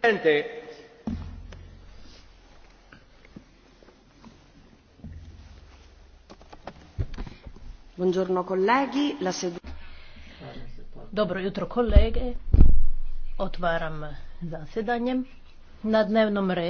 presidente dobro jutro kolege otvaram zasjedanje na dnevnom redu